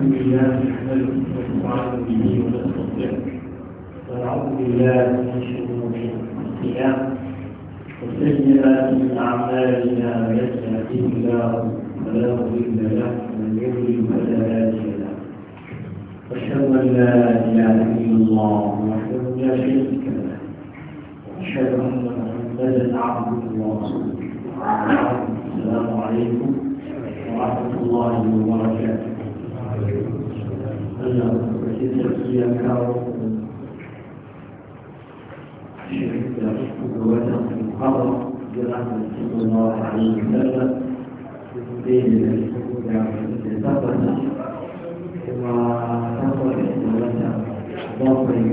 الحمد بالله من شرور انفسنا وسيئات اعمالنا من يهده الله فلا مضل له ومن يضلل فلا هادي له واشهد ان لا اله الا الله وحده لا شريك له واشهد ان محمدا عبده ورسوله السلام عليكم ورحمه الله وبركاته Allah ya sarki ya kawo shirin da ga watan Muhammad jira da sallallahu alaihi wasallam zai da da da tabbata kuma tabbata da watan bakwai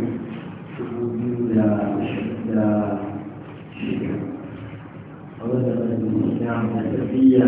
dubu biyu da da shida a wata da ya tafiya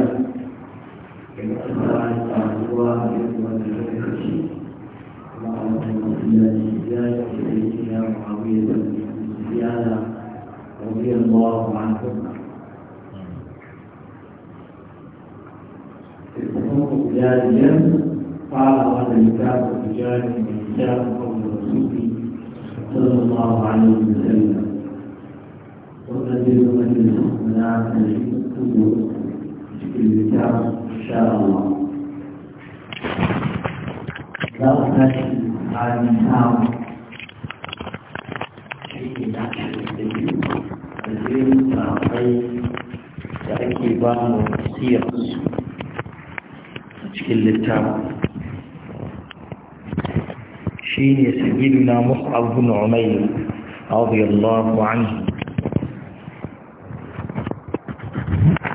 يقص كل التام شيني سيدنا مصعب بن عمير رضي الله عنه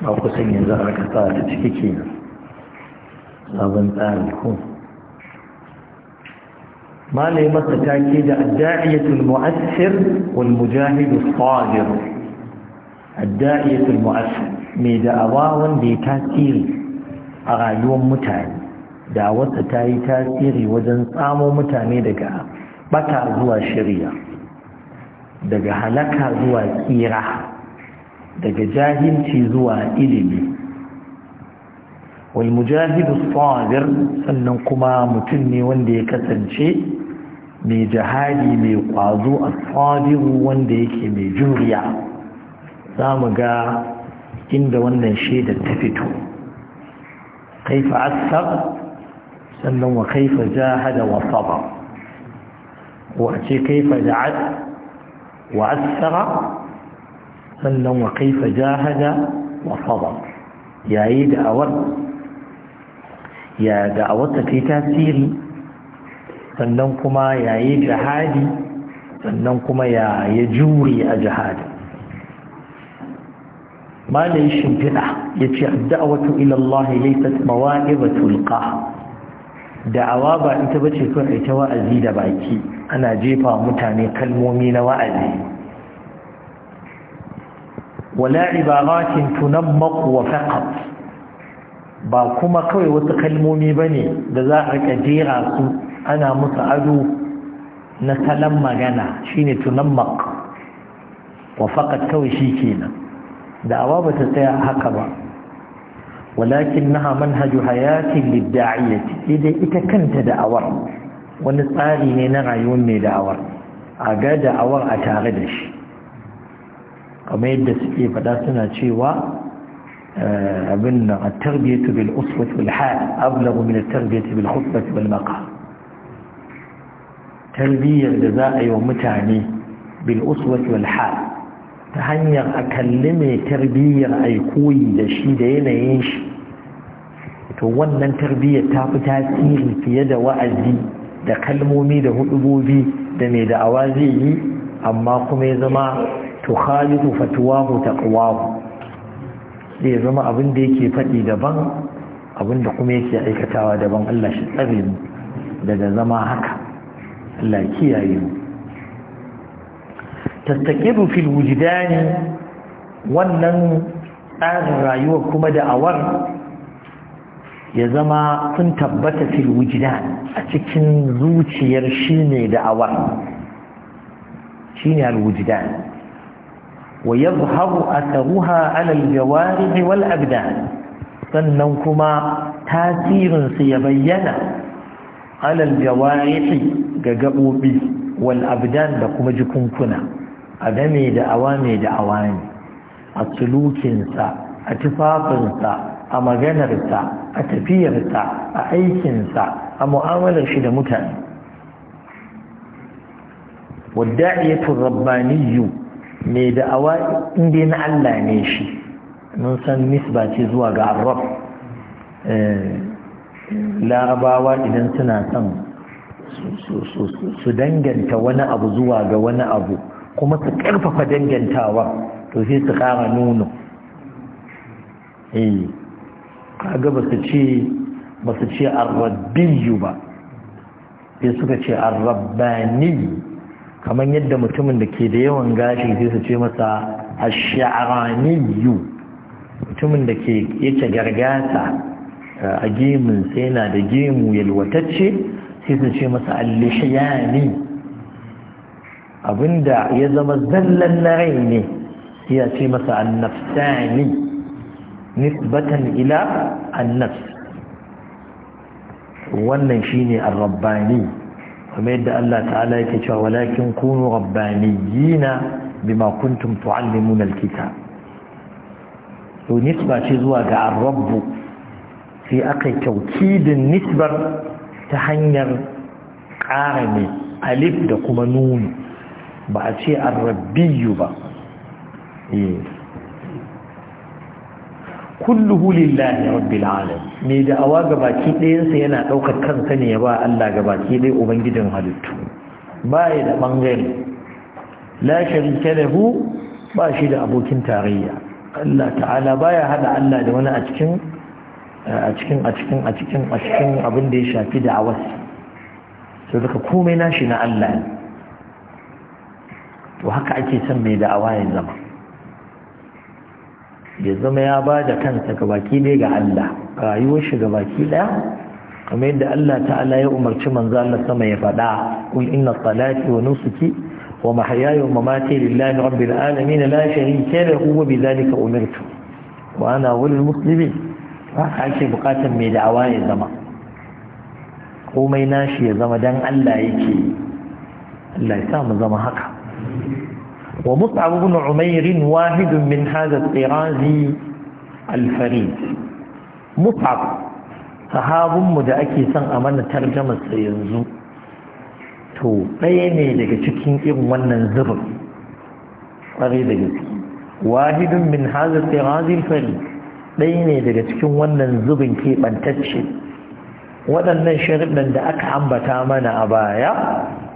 أو قسم يزعرك طالة فكينا أظن تعالكم ما لي مصر تأكيد الداعية المؤثر والمجاهد الصادر الداعية المؤثر mai da'awa wanda ya tasiri a rayuwar mutane da wata ta yi tasiri wajen tsamo mutane daga bata zuwa shirya daga halaka zuwa tsira daga jahilci zuwa ilimi wal mujahidu sabir sannan kuma mutum ne wanda ya kasance mai jihadi mai kwazo a sabiru wanda yake mai juriya za mu ga inda wannan shaidar ta fito kaifa asar sannan wa kaifa jahada wa sabar ko a ce kaifa ja'ad wa asara sannan wa kaifa jahada wa sabar yayi da awar ya da awar ta tasiri sannan kuma yayi jihadi sannan kuma ya jure a jihadi malayin shimfiɗa ya ce da'awatu ilallahi laifat mawa'iba tulka da'awa ba ita ba ce kawai ta wa'azi da baki ana jefa mutane kalmomi na wa'azi Wala'i ibaratin tunammaq wa faqat ba kuma kawai wasu kalmomi ba ne da za a rika jera su ana musu ado na salon magana shine tunammaq wa faqat kawai shi kenan da'awa ba ta tsaya haka ba walakin naha manhaju hayatin lidda'iyyati sai dai ita kanta da'awar wani tsari ne na rayuwar mai da'awar a ga da'awar a tare da shi kamar yadda suke faɗa suna cewa eh, abin nan at-tarbiyatu bil uswati wal hal ablagu min at bil khutbati bil maqam tarbiyyar da za a yi wa mutane bil uswati bil hal ta hanyar a kalli mai tarbiyyar aikoyi da shi da yanayin shi to wannan tarbiyyar ta fi tasiri fiye da wa'azi da kalmomi da hudubobi da mai da'awa zai yi amma kuma ya zama tukhalifu fatuwahu taqwahu ya zama abin da yake faɗi daban abin da kuma yake aikatawa daban Allah shi tsare mu daga zama haka Allah kiyaye mu tattakiru fil wujidani wannan tsarin rayuwa kuma da awar ya zama sun tabbata fil wujidan a cikin zuciyar shi ne da awar shi ne al wujidan wa yadhharu atharuha ala al wal sannan kuma tasirin ya bayyana ala al ga gaɓoɓi wal abdan da kuma jikunkuna a da awami da mai awa ne a sulukinsa a tufafinsa a maganarsa a tafiyarsa a aikinsa a mu'amalar shi da mutane wadda'iyatun rabbaniyu mai da'awa inda na Allah ne shi mun san nisba ce zuwa ga arab eh, larabawa idan suna son su danganta wani abu zuwa ga wani abu kuma su karfafa dangantawa to sai su kara nono eh kaga ba su ce ba su ce ba sai suka ce arrabbani kamar yadda mutumin da ke da yawan gashi sai su ce masa ash'araniyu mutumin da ke yake gargata eh, a gemun sai yana da gemu yalwatacce sai su ce masa allishiyani abinda ya zama zallan na rai ne ya ce masa annafsani nisbatan ila annafs wannan shine ar-rabbani kuma yadda Allah ta'ala yake cewa walakin kunu rabbaniyina bima kuntum tu'allimuna al-kitab to nisba ce zuwa ga ar-rabb sai aka taukidin nisbar ta hanyar ƙara ne alif da kuma nuni ba a ce arrabiyu ba eh. kulluhu lahi rabbil alamin mai da awa baki dayansa yana ɗaukar kansa ne ya ba Allah gabaki ɗaya ubangijin halittu ba ya da bangare lashari sharika ba shi da abokin tarayya Allah ta'ala baya hada Allah da wani a cikin a cikin a cikin a cikin a cikin abin da ya shafi da'awar sau daga komai nashi na Allah ne to haka ake son mai da'awa ya zama ya zama ya ba da kansa ga baki ne ga Allah rayuwar shi ga baki daya kamar yadda Allah ta'ala ya umarci manzo Allah sama ya faɗa kun inna salati wa nusuki wa mahyaya wa mamati lillahi rabbil alamin la sharika lahu wa bidhalika umirtu wa ana awwalul muslimin haka ake bukatan mai da'awa ya zama komai nashi ya zama dan Allah yake Allah ya sa mu zama haka ومصعب بن عمير واحد من هذا الطرازي الفريد مصعب sahabinmu da ake son a mana tarjamarsa yanzu to ɗaya ne daga cikin irin wannan zubin ƙwarai da gaske wahidun min hazar tirazil fari ɗaya ne daga cikin wannan zubin keɓantacce waɗannan sharuɗan da aka ambata mana a baya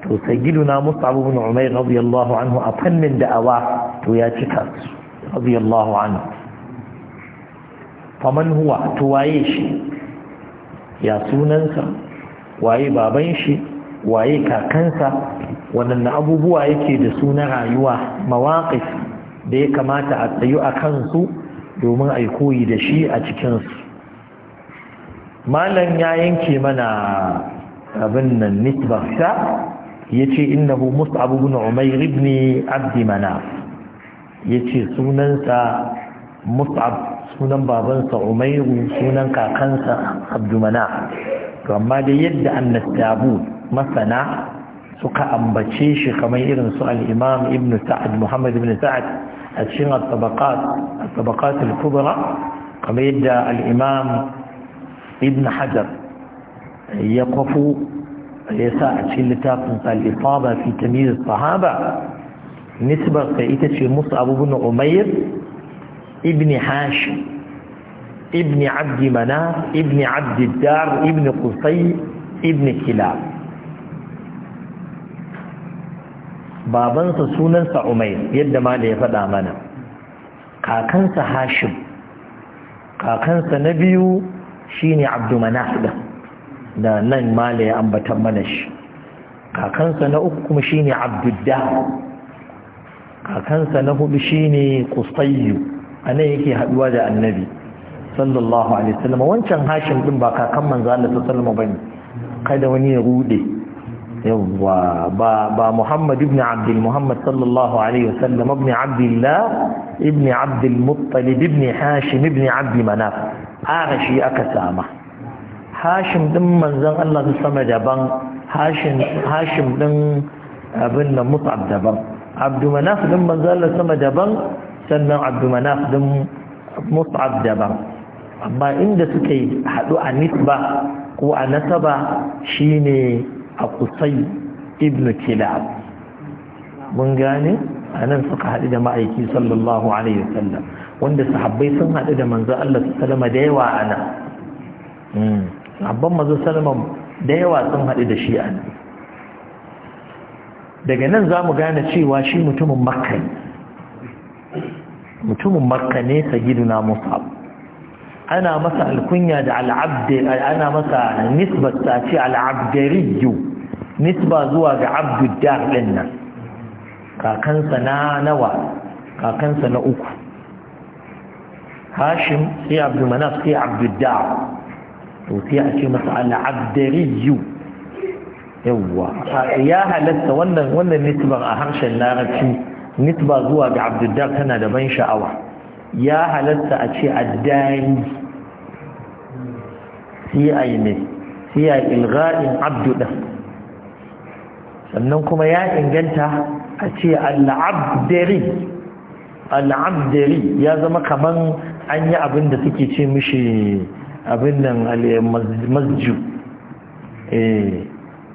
to sayyiduna mus'ab ibn umayr radiyallahu anhu a fannin da'awa to ya cika radiyallahu anhu faman huwa to waye shi ya sunansa waye baban shi waye kakansa waɗanne abubuwa yake da su na rayuwa mawaƙif da ya kamata a tsayu a kansu domin a koyi da shi a cikinsu malam ya yanke mana abin nan sa. yace innahu mus'ab ibn umayr ibn abd manaf yace sunansa mus'ab sunan babansa umayru sunan kakansa abd manaf to amma da yadda annasabu masana suka ambace shi kamar irin su al-imam ibn sa'ad muhammad ibn sa'ad a cikin at-tabaqat tabaqat al-kubra kamar yadda al-imam ibn hajar ya kwafu ya yasa a cikin littafin al-ifada fi tamyiz sahaba nisbar sa ita ce mus'ab ibn umayr ibn hashim ibn abd manaf ibn abd dar ibn qusay ibn kilab babansa sunansa umayr yadda ma da ya faɗa mana kakansa hashim kakansa na biyu shine abd manaf da nan mala ya ambatan mana shi kakansa na uku kuma shine abdudda kakansa na hudu shine qusayyu anan yake haduwa da annabi sallallahu alaihi wasallam wancan hashim din ba kakan manzo Allah sallallahu alaihi wasallam bane kada wani ya rude yawa ba ba Muhammad ibn Abd Muhammad sallallahu alaihi wasallam ibn Abdullah ibn abdul al-Muttalib ibn Hashim ibn Abd Manaf arashi aka sama hashim din manzon Allah su sama daban hashim din abin da mutab daban abdu manaf din manzon Allah sama daban sannan abdu manaf din mutab daban amma inda suka yi haɗu a nisba ko a nasaba shine a kusai ibn kilab mun gane a nan suka haɗu da ma'aiki sallallahu alaihi wasallam wanda sahabbai sun haɗu da manzo Allah sallama da yawa a nan hmm. abban mazu salman da yawa sun haɗu da shi a daga nan za mu gane cewa shi mutumin makka ne mutumin makka ne sagiduna musab ana masa alkunya da al'abdi ana masa ta ce yiwu nisba zuwa ga abduddar ɗin nan kakansa na nawa kakansa na uku hashim sai abdulmanaf sai abduddar to sai a ce masa al'abdariyu yawwa ya halatta wannan wannan nisbar a harshen larabci nisba zuwa ga abdullahi tana da ban sha'awa ya halatta a ce addani sai a yi ne sai a ilgha'in abdullahi sannan kuma ya inganta a ce al'abdari al'abdari ya zama kaman an yi abin da suke ce mishi abin nan masju eh,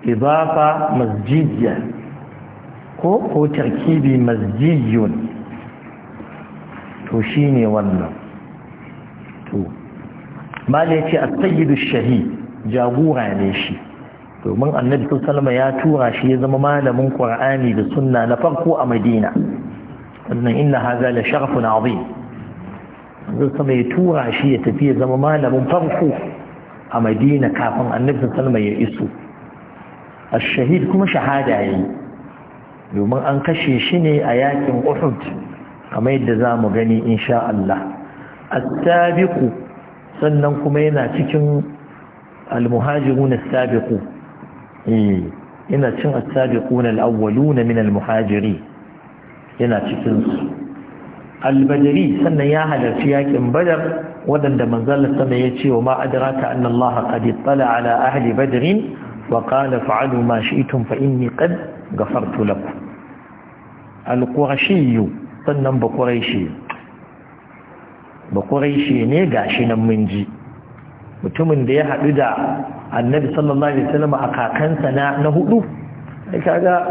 idafa masjidiyya ko ko tarkibi masjidiyun to ne wannan to mala yace a sayyidu shahi jagora ne shi domin annabi salma ya tura shi ya zama malamin ƙur'ani da sunna na farko a madina wannan inna hadha da sharafun azim zai sama ya tura shi ya tafi ya zama malamin farko a madina kafin annabin salma ya iso a shahid kuma shahada ya yi domin an kashe shi ne a yakin uhud kamar yadda za mu gani insha Allah attabiqu sannan kuma yana cikin almuhajirun na eh yana cin attabiquna na min almuhajiri yana cikin su albadari sannan ya halarci yakin badar waɗanda manzalar sama ya ce wa ma adraka anna allaha ala ahli badarin wa qala fa'alu ma shi'tum fa inni ni ghafartu lakum al-qurashi sannan ba quraishi ne gashi nan mun ji mutumin da ya haɗu da annabi sallallahu alaihi wasallam a kakansa na na hudu kaga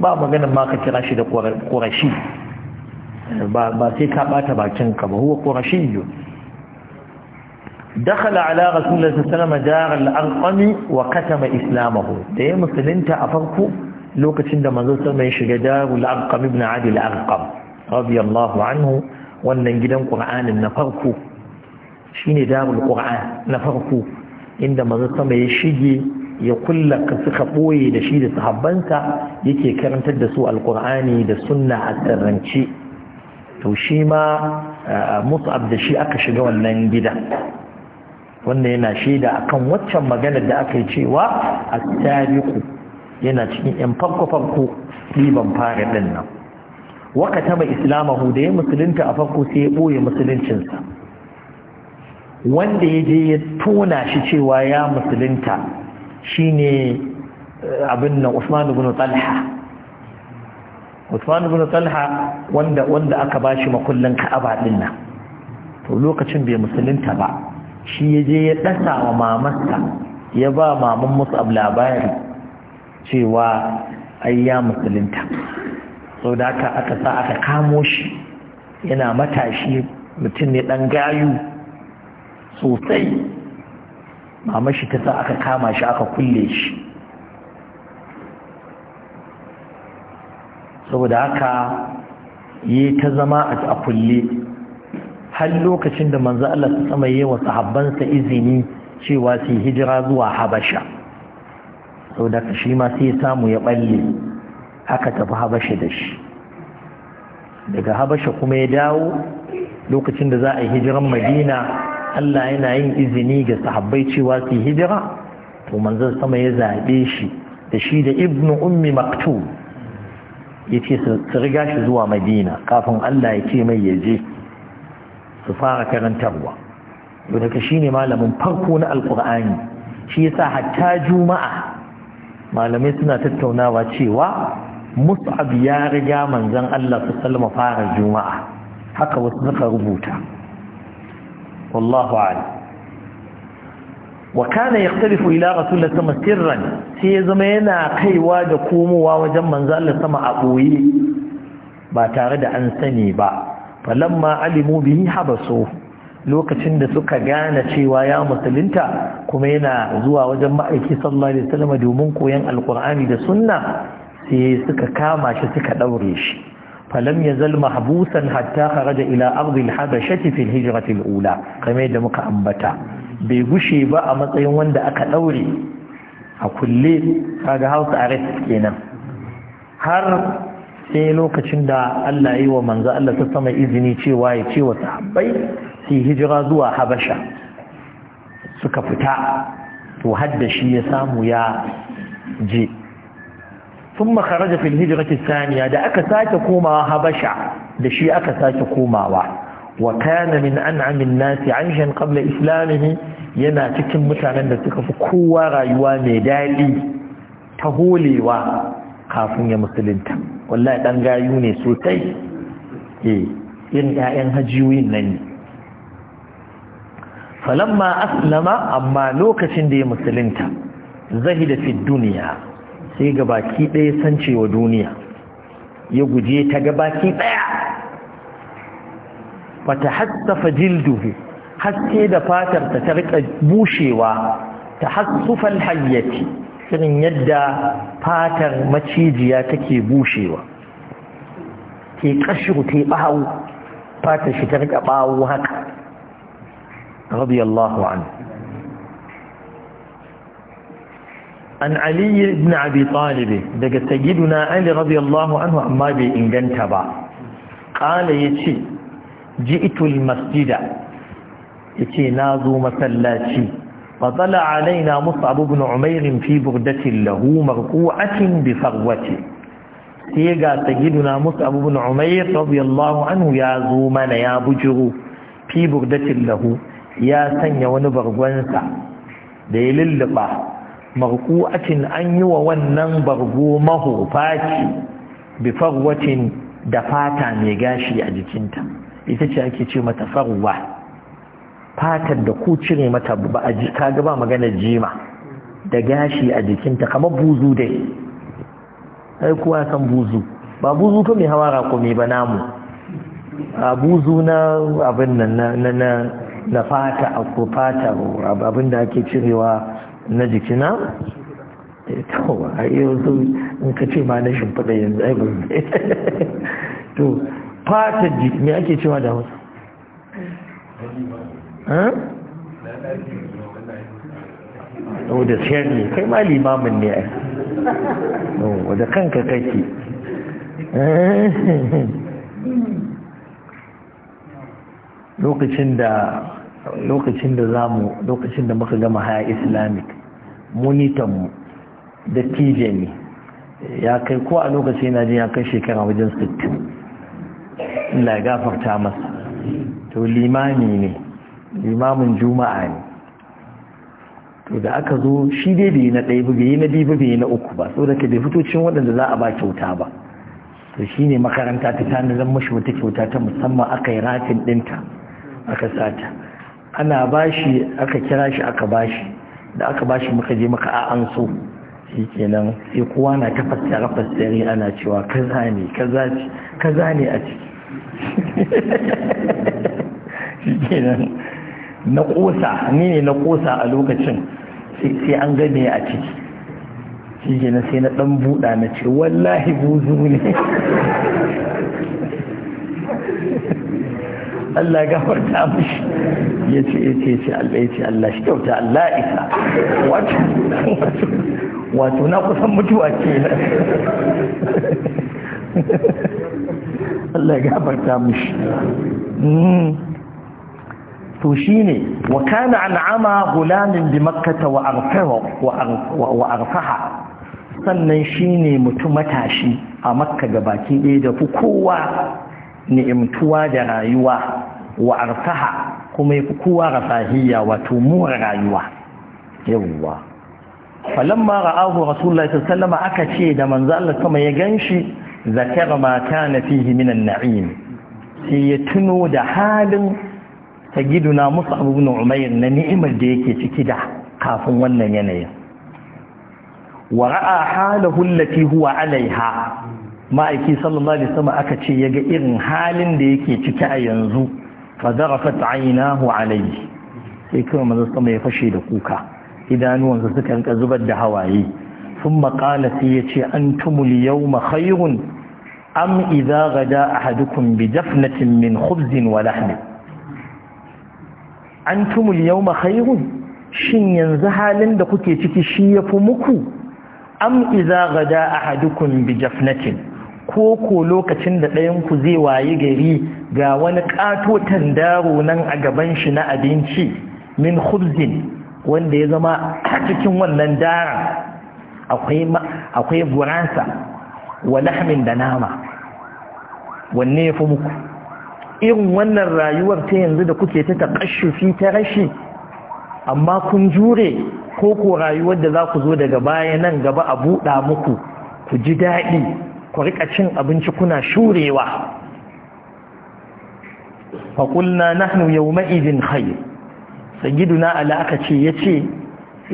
ba maganar ma ka kira shi da ƙurashi. ba sai ka bata bakinka ba huwa qurashiyyun dakhala ala rasulillahi sallallahu alaihi wasallam jar al wa katama islamahu da ya musulunta a farko lokacin da manzo sallallahu ya shiga jar al-anqami ibn adil al-anqam anhu wannan gidan qur'anin na farko shine jar al-qur'an na farko inda manzo sallallahu ya shige ya kulla ka suka boye da shi da sahabbanka yake karantar da su alqur'ani da sunna a tsarrance to shi ma mus'ab da shi aka shiga wannan gida wannan yana shaida akan waccan maganar da aka yi cewa a tariku yana cikin yan farko farko ɗiban fara ɗin nan waka taba islamahu da ya musulunta a farko sai ya ɓoye musuluncinsa wanda ya je ya tona shi cewa ya musulunta shine eh, abin nan usman ibn talha Usman ibn Talha wanda wanda aka bashi makullin Ka'aba din nan to lokacin bai musulunta ba shi yaje ya dasa wa mamarsa ya ba maman Mus'ab labari cewa ai ya musulunta sau da aka aka sa aka kamo shi yana matashi mutum ne dan gayu sosai mamashi ta sa aka kama shi aka kulle shi saboda haka yi ta zama a kulle har lokacin da manzo Allah ta sama yi wa sahabbansa izini cewa su hijira zuwa habasha saboda ka shi ma sai samu ya balle aka tafi habasha da shi daga habasha kuma ya dawo lokacin da za a yi hijiran madina Allah yana yin izini ga sahabbai cewa su hijira to manzon sama ya zaɓe shi da shi da ibnu ummi maktub ya ce su riga shi zuwa madina kafin allah ya ce mai ya je su fara karantarwa yadda shi ne malamin farko na alkur'ani shi yasa hatta juma'a malamai suna tattaunawa cewa mus'ab ya riga manzon allah su salma fara juma'a haka wasu suka rubuta wallahu a'lam wa kana yaktalifu ila rasulullah sama sirran sai ya zama yana kaiwa da komowa wajen manzo Allah sama a boye ba tare da an sani ba falamma alimu bihi habasu lokacin da suka gane cewa ya musulunta kuma yana zuwa wajen ma'aiki sallallahu alaihi wasallam domin koyan alqur'ani da sunna sai suka kama shi suka daure shi falam yazal mahbusan hatta kharaja ila ardi al-habashati fi al-hijrati ula kamar da muka ambata bai gushe ba a matsayin wanda aka ɗaure a kulle kaga house arrest kenan har sai lokacin da Allah yi wa manzo Allah ta sama izini cewa ya ce wa sahabbai su hijira zuwa Habasha suka fita to hadda shi ya samu ya je ثم makaraja في الهجرة الثانية da aka sake komawa Habasha da shi aka sake komawa wa kana min an'amin nasi aishan qabla islamihi yana cikin mutanen da suka fi kowa rayuwa mai daɗi ta holewa kafin ya musulunta wallahi dan gayu ne sosai eh yin ƴaƴan hajiyoyin nan ne falamma aslama amma lokacin da ya musulunta zahida fi duniya sai ga baki ɗaya sancewa duniya ya guje ta ga baki ɗaya fatahassafa jilduhu haske da fatar ta ta bushewa ta tahassufal hayyati irin yadda fatar macijiya take bushewa ke kashiru ta bawo fatar shi ta rika haka radiyallahu anhu an Ali ibn Abi Talib daga sayyiduna Ali radiyallahu anhu amma bai inganta ba ƙala ya ce. ji masjida ya ce na zo masallaci matsala a laina musu abubuwan umairin fi burdatin lahu marku'atin bi farwace sai ga ta giduna musu abubuwan umair rabiyallahu anhu ya zo mana ya bujiro fibur burdatin lahu ya sanya wani bargonsa da ya lullaba marku'atin an yi wa wannan bargo mahofaci bi farwacin da fata mai gashi a jikinta ita ce ake ce mata farwa fatar da ku cire mata ba a ji ba magana jima da gashi a jikinta kamar buzu dai ai kuwa san buzu ba buzu fa mai hawa raƙumi ba namu a buzu na abin nan na na na fata a ko fata abin da ake cirewa na jikina eh, to a yanzu in ka ce ma na shimfiɗa yanzu ai ba to fatar jiki mai ake cewa da wasu da siyar ne kai ma limamin ne a o da kanka kake eh. lokacin da lokacin da lokacin da muka gama haya islamic munitan mu da tije ne ya kai ko a lokacin yana ji ya kai shekara wajen 60 Allah ya gafarta masa to limami ne limamin juma'a ne to da aka zo shi dai bai na ɗaya bai na biyu bai na uku ba saboda ka bai fito cikin waɗanda za a ba kyauta ba to shine makaranta ta zan mashi wata kyauta ta musamman aka yi ratin ɗinta aka sata ana bashi aka kira shi aka bashi da aka bashi muka je maka a an so shi kenan sai kowa na ta fassara ana cewa kaza ne kaza ne a ciki na kosa ne ne na kosa a lokacin sai an gane a ciki shi gina sai na ɗan buɗa na ce wallahi buzu ne Allah gafarta mashi ya ce ya ce ce Allah ya ce Allah shi kyauta Allah isa wato na kusan mutuwa ke Allah ya gafarta mushi hmm. to shine wa kana ama gulamin bi makkata wa arfaha wa arfaha sannan shine mutum matashi a makka gabaki ɗaya da fi kowa ni'imtuwa da rayuwa wa arfaha kuma fi kowa rafahiyya wato muwar rayuwa yawwa falamma ra'ahu rasulullahi sallallahu alaihi wasallam aka ce da manzo Allah sama ya ganshi zakar ma ta na fihi minan na'im sai ya tuno da halin ta giduna musu abubuwan Umair na ni'imar da yake ciki da kafin wannan yanayin wa ra'a halahu allati huwa alaiha ma'aiki sallallahu alaihi sama aka ce ya ga irin halin da yake ciki a yanzu fa aina hu alaihi sai kuma mazasta sama ya fashe da kuka idanuwansa suka rinka zubar da hawaye ya ce ثم قال am أنتم gada خير أم إذا غدا أحدكم بجفنة من خبز An أنتم ma خير shin yanzu halin da kuke ciki shi ya fi muku am iza gada ahadukum bi jafnatin ko ko lokacin da ɗayan ku zai wayi gari ga wani ƙatotan daro nan a gaban shi na abinci min khubzin wanda ya zama a cikin wannan dara akwai akwai guransa wa lahmin da nama wanne ya fi muku irin wannan rayuwar ta yanzu da kuke ta fi ta rashi amma kun jure ko ko rayuwar da za ku zo daga baya nan gaba a buɗa muku ku ji daɗi ku riƙa cin abinci kuna shurewa faƙulna nahnu yau ma'izin khair sagiduna ala aka ce ya ce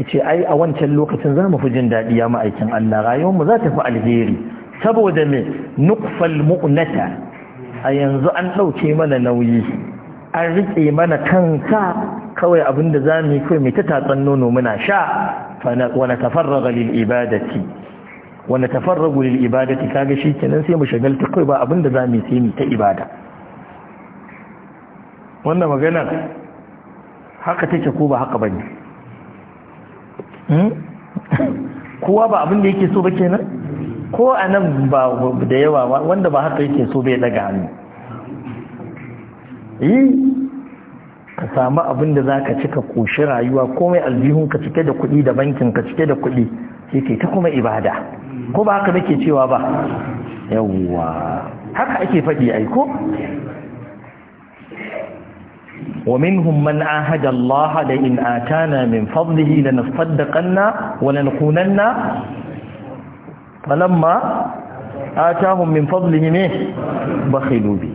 ce ai a wancan lokacin za mu fi jin daɗi ya ma'aikin Allah rayuwarmu za ta fi alheri saboda me nukfal mu'nata a yanzu an ɗauke mana nauyi an riƙe mana kanka kawai abin da za mu yi kawai mai ta tatsan nono muna sha wani tafarraga lil ibadati wani tafarragu lil ibadati kaga shi kenan sai mu shagalta kawai ba abin da za mu yi sai mu ta ibada wannan maganar haka take ko ba haka bane Hmm? kowa ba abin da yake so ba kenan ko a nan ba da yawa wanda ba haka yake so bai daga hannu yi ka samu abin da za ka cika koshi rayuwa komai aljihun ka cike da kuɗi da bankin ka cike da kuɗi sai ke ta kuma ibada ko ba haka nake cewa ba yawwa haka ake faɗi aiko ومنهم من عاهد الله لئن آتانا من فضله لنصدقن ولنكونن فلما آتاهم من فضله منه بخلوا به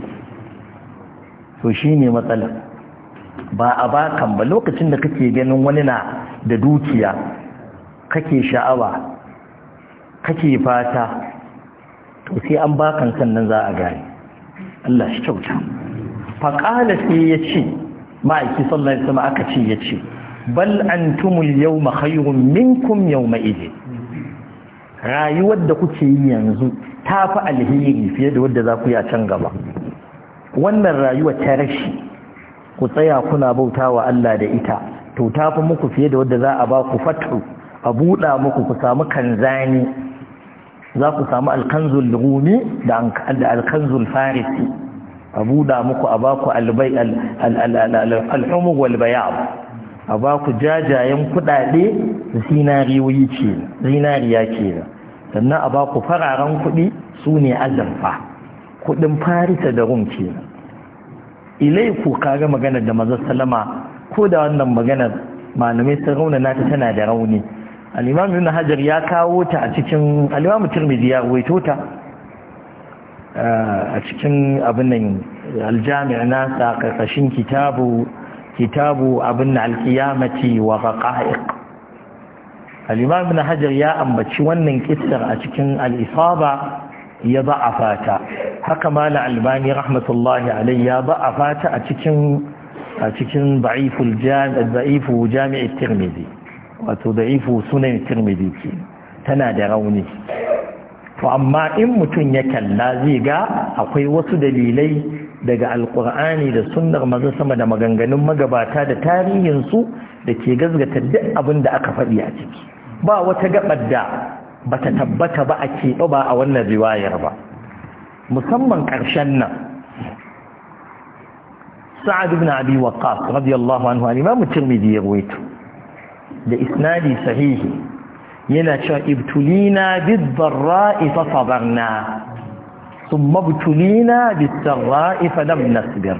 to shine matsala ba a bakan ba lokacin da kake ganin wani na da dukiya kake sha'awa kake fata to sai an bakan sannan za a gane Allah shi kyauta faƙala sai ya ce ma'aiki sallar alaihi aka ce yace bal tumul yawma khayrun minkum yawma idin rayuwar da kuke yi yanzu ta fi alheri fiye da wadda za ku yi a can gaba wannan rayuwa ta rashi ku tsaya kuna bauta wa Allah da ita to ta fi muku fiye da wadda za a ba ku fatu a buɗa muku ku samu kanzani za ku samu alkanzul rumi da alkanzul farisi a buɗa muku a baku alhumur walbayab a baku jajayen kuɗaɗe zinariyoyi ce zinariya ke da sannan a baku fararen kuɗi su ne azurfa kuɗin farisa da rum ke ilaiku kaga magana da maza salama ko da wannan maganar malamai sun na ta tana da rauni al'imamu na hajar ya kawo ta a cikin al'imamu tirmidhi ya ruwaito ta a cikin abin nan aljami'a nasa ƙarƙashin kitabu kitabu abin na alkiyamati wa raqa'iq al-imam ibn hajar ya ambaci wannan kissar a cikin al-isaba ya ba'a fata haka mala albani rahmatullahi alayhi ya ba'a ta a cikin a cikin da'iful jami'a da'ifu jami' tirmidhi wato da'ifu sunan tirmidhi tana da rauni to amma in mutum ya kalla zai ga akwai wasu dalilai daga alkur'ani da sunnar maza sama da maganganun magabata da tarihinsu da ke gazgata duk abin da aka faɗi a ciki ba wata gabar da ba ta tabbata ba a keɓe ba a wannan riwayar ba musamman ƙarshen nan sa'ad ibn abi waqqas radiyallahu anhu al-imam tirmidhi ya da isnadi sahihi yana cewa ibtulina bid-dharra'i fa sabarna thumma ibtulina bid fa lam nasbir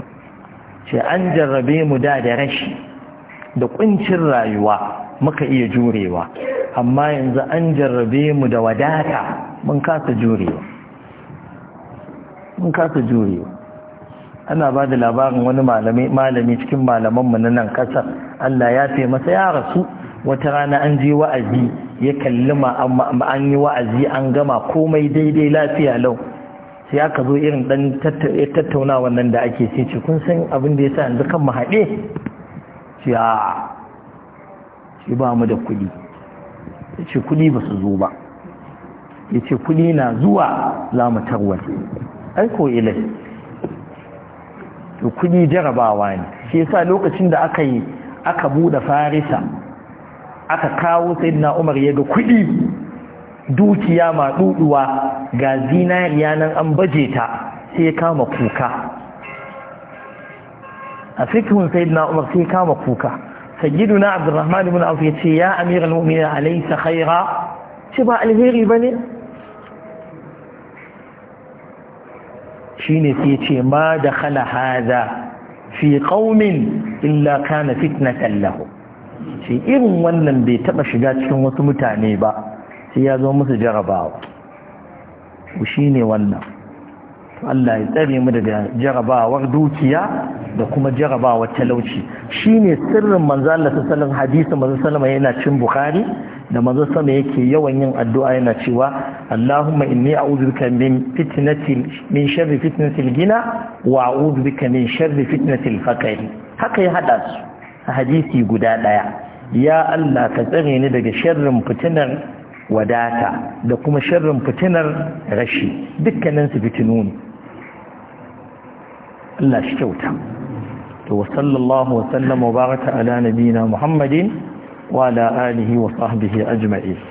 ce an jarrabe mu da da rashi da kuncin rayuwa muka iya jurewa amma yanzu an jarrabe mu da wadata mun kasa jurewa mun kasa jurewa ana ba da labarin wani malami cikin malamanmu na nan kasar Allah ya fi masa ya rasu wata rana an je wa'azi ya kalli an yi wa'azi an gama komai daidai lafiya lau sai aka zo irin dan tattauna wannan da ake sai ce kun san abin da ya sa yanzu kan mu haɗe ya shi ba mu da kuɗi ya ce kuɗi ba su zo ba ya ce kuɗi na zuwa za mu tarwar aiko ilai to kuɗi jarabawa ne shi yasa lokacin da aka yi aka buɗe farisa aka kawo sayyidina umar ya ga kuɗi dukiya ma duduwa ga zinariya nan an baje ta sai ya kama kuka a fikihun sayyidina umar sai ya kama kuka na abdurrahman ibn auf ya ce ya amiral mu'minin alaysa khaira shi ba alheri bane shine sai ya ce ma dakhala hadha fi qaumin illa kana fitnatan tallahu. shi irin wannan bai taba shiga cikin wasu mutane ba sai ya zo musu jarabawa ku ne wannan Allah ya tsare mu daga jarabawar dukiya da kuma jarabawar talauci Shi ne sirrin manzo Allah sallallahu hadisi manzo sallama yana cin bukhari da manzo yake yawan yin addu'a yana cewa Allahumma inni a'udhu bika min fitnati min sharri al gina wa a'udhu bika min sharri al faqr haka ya hada su hadisi guda ɗaya ya Allah ka tsare ni daga sharrin fitinar wadata da kuma sharrin fitinar rashi dukkaninsu fitinu ne Allah shi kyauta to sallallahu wa sallama wa baraka ala nabiyina muhammadin wa ala alihi wa sahbihi ajma'in